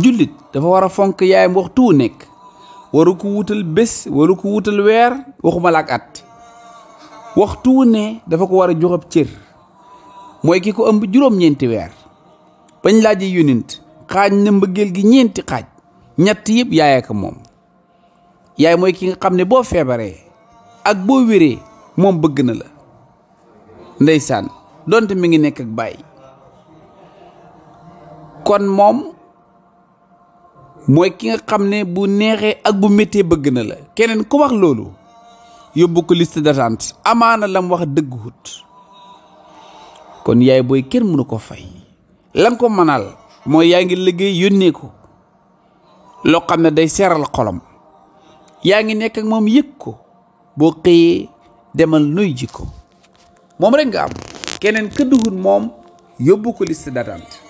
jullit dafa war a fonk yaayam waxtu wu nekk waru ko wutal bés waru ko wutal weer waxuma la ak at waxtu wu ne dafa ko war a jox ab mooy ki ko ëmb juróom-ñeenti weer bañ laaje yonent xaaj na mbëggeel gi ñeenti xaaj ñett yëpp yaay moom yaay mooy ki nga xam ne boo feebaree ak boo wéree moom bëgg na la ndeysaan donte mi ngi nekk ak bàyyi mooy ki nga xam ne bu neexee ak bu méttee bëgg na la keneen ku wax loolu yóbbu ko liste d'attente amaana lam wax dëgguwut kon yaay booy kenn mënu ko fay lan ko mënaal mooy yaa ngi liggéey yónnee ko loo xam ne day seeral xolom yaa ngi nekk ak moom yëg ko boo xëyee demal nuy ji ko moom rek nga am keneen këdduhut moom yóbbu ko liste d'attente